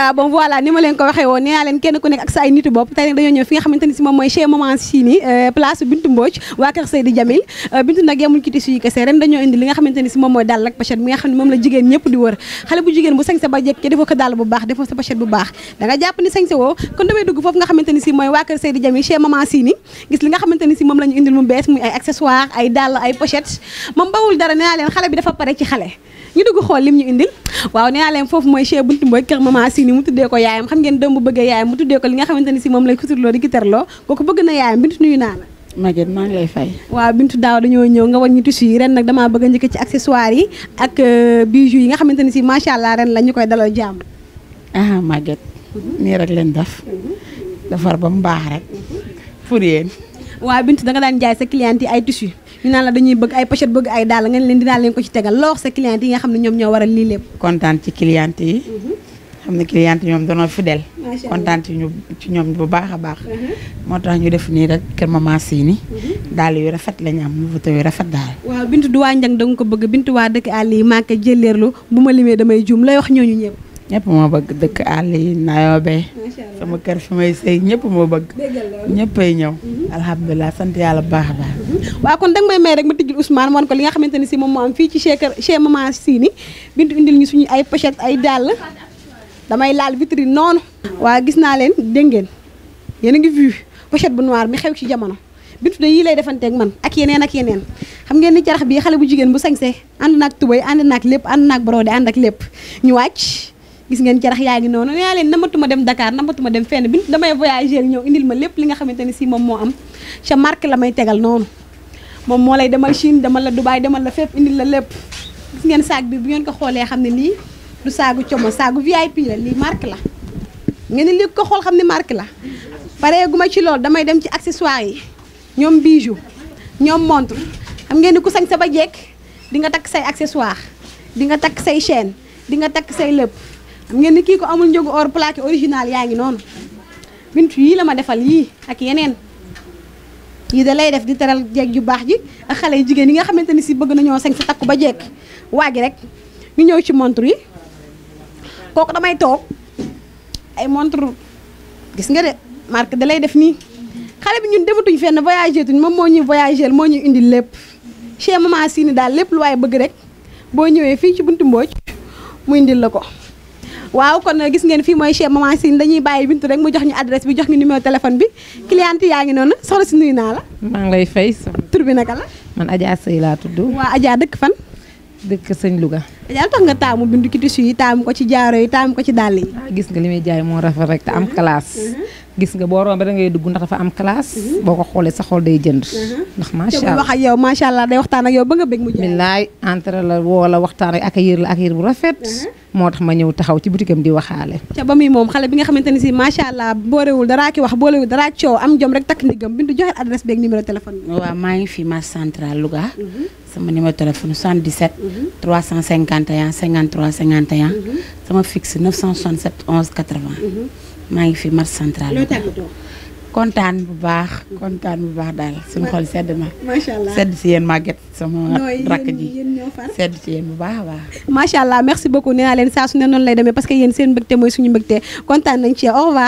Ah, bon voilà ni ma len ko waxe woon nee kenn ku nek ak say nitu bop tay nag dañoo ñëw fi nga xamanteni ci mom moy mooy chez Maman Chini euh, place Bintu Mbodj wa kër Seydi Jamil euh, Bintu nag yemuñ ci tissu yi ren dañu indi li nga xamanteni ci mom moy dal ak pochette mi nga xamni mom la jigen ñëpp di wër xale bu jigen bu sañse ba ke defo ko dal bu baax defo sa pochette bu baax da nga japp ni sañse wo kon damay dugg fofu nga xamanteni ci moy wa kër Seydi Jamil chez Maman Chini gis li nga xamanteni ci mom lañu indi mu bes muy ay accessoires ay dal ay pochette mom bawul dara nee xale bi dafa paré ci xale ñu dugg xol lim ñu indil waaw neena leen fofu moy cheikh Buntu keur Mama Asini mu tuddé ko yaayam xam ngeen dembu bu bëgg yaayam mu tuddé ko li nga xamanteni si mom lay kuturloo di gitarloo koku bëgg na yaayam bintu nuyu naa la Maguette maa ngi lay fay waaw bintu daaw dañoo ñëw nga wañ ñu tissu yi ren nak dama bëgg ñëk ci accessoires yi ak euh, bijoux yi nga xamanteni si macha allah ren la ñukoy dalal daloo ah Maguette ni rek leen daf defar ba mbax rek pour waaw bintu da nga daan jaay sa client yi ay tissu ñu naan la dañuy bëgg ay pochette bëgg ay dal ngeen leen dina leen ko ci tégal loo sa client yi nga xam ñom ñoo waral li lepp kontaan ci client yi mhm. xam client ñom dañoo ñu ci ñom bu baaxa baax mhm. mo tax ñu def ni rek kër maman Sini mhm. dal yu rafet la ñam mu yu rafet dal waaw bintu du waa da nga ko bëgg bintu wa dëkk ali yi maaka jëlleerlu bu ma damay joom lay wax ñu ñëpp ñëpp mo bëgg dëkk ali yi nayoobe sama kër fi sey ñëpp bëgg ñëppay ñëw alhamdullah sant yalla baax baax waaw kon danga may may rek ma tijjul Ousmane wan ko li nga xamante ni si moom moo am fii ci chez kër chez ñu suñu ay pochette ay dàll damay laal vitrine noonu waa gis naa leen dégg ngeen yéen a ngi vu pochette bu noir mi xew ci jamono bintu de yii lay defanteeg man ak yeneen ak yeneen xam ngeen ni carax bii xale bu jigéen bu sañsee ànd naag tubay ànd naag lépp ànd naag borode ànd ak lépp ñu wàcc gis ngeen carax yaa ngi noonu yaa leen namatuma dem Dakar namatuma dem fenn bintu damay voyager ñëw indil ma lépp li nga xamante ni si moom moo am ca marque la may tegal noonu mom molay demal Chine demal la dubai demal la fep indil la lepp gis ngeen sac bi bu ngeen ko xolé xamni ne du sagu como sagu VIP la li marque la ngeen li ko xol xamni marque la guma ci lol damay dem ci accessoire yi ñom bijou ñom montre xam ngeen ni ku sañ sa ba jek di nga tak say accessoire di nga tak say chaîne di nga tak say lepp xam ngeen ni ko amul ñogu or plaque original yaangi non bintu yi lama defal yi ak yenen yi da lay def di teral jeeg ju baax ji ak xale yi jigéen yi nga xamante ni si bëgg nañoo sañ si takku ba jekk waa gi rek ñu ñëw ci montre yi kooku damay toog ay montre gis nga de marque dalay def nii xale bi ñun dematuñ fenn voyagé tuñ moom moo ñuy voyagé moo ñuy indi lépp chez Sini daal lépp lu waaye bëgg rek boo ñëwee fii ci buntu mbooj mu indil la ko waaw kon gis ngeen fii mooy chez maman Sine dañuy bàyyi Bintu rek mu jox ñu adresse bi jox ñu numéro téléphone bi cliente yaa ngi noonu soxna si nuyu naa la. maa ngi lay fay. tur bi naka la. man Adja Seye laa tudd. waa ajaa dëkk fan. dëkk sëñ Louga. Adja tax nga taamu bindu ki yi taamu ko ci jaaro yi taamu ko ci dàll yi. Ah, gis nga li muy jaay moo rafet rek te am mhm. classe. Mhm. gis nga boo rombee da ngay dugg ndax dafa am classe mhm. boko xolé sa xol day jënd mhm. ndax ma sha allah wax ak yow macha allah day waxtaan ak yow ba nga bég mu jëm billahi entre la woo waxtaan ak accueillir la accueillir bu rafet mhm. motax ma ñew taxaw ci boutique am di waxale ca bamuy mom xalé bi nga xamanteni ci ma sha allah boorewul dara ki wax boolewul daraa coow am jom rek tak ndigam bindu joxe adresse ak numéro téléphone wa ma ngi fi ma central Louga sama numéro téléphone 77 351 53 51 sama fixe 967 11 80 maa ngi fi marché central. loo kontaan bu baax. kontaan bu baax daal suñu xol sedd ma. macha allah sedd si yéen màgget sama rakk ji sedd ci yéen bu baax a baax. macha allah merci beaucoup nee naa leen saa su ne noonu lay demee parce que yéen seen mbégte mooy suñu mbégte kontaan nañ ci au revoir.